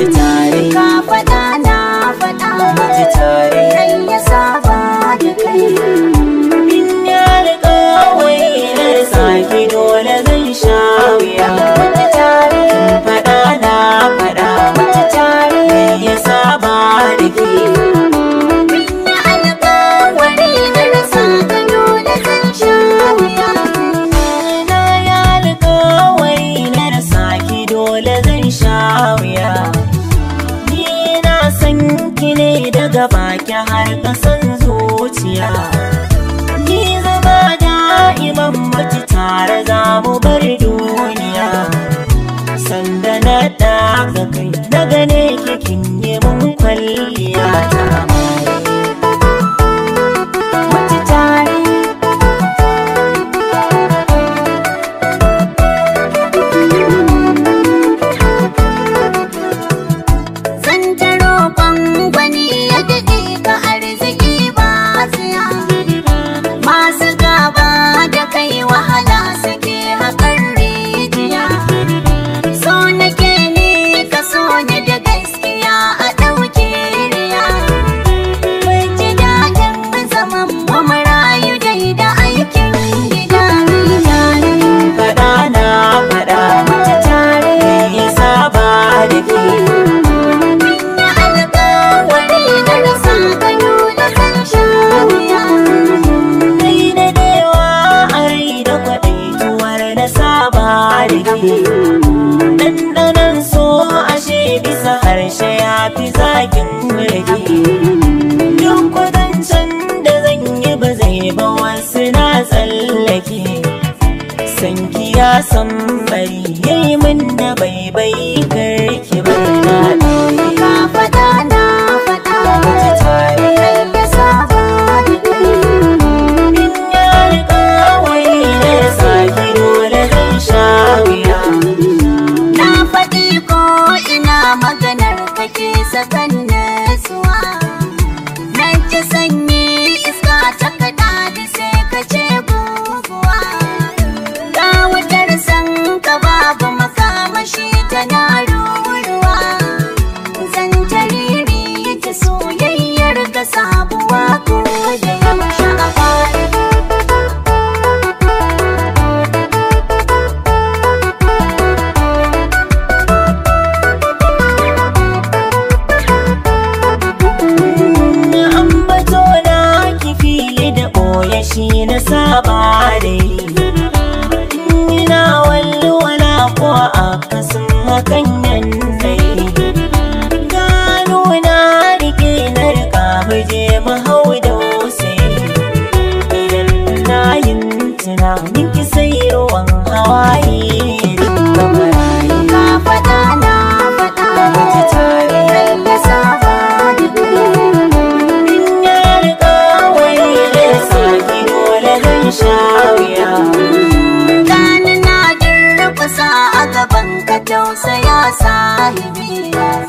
your time ne daga baki har kasan zuciya ni zama da'iman mace tare za mu bar duniya baibai karki bar na ka fada na fada ki tare da saba in ya riga wai da saki dole zan sha wuya na faɗi ko ina maganar kake sakan sha na durƙusa a gaban ka tausaya sahibi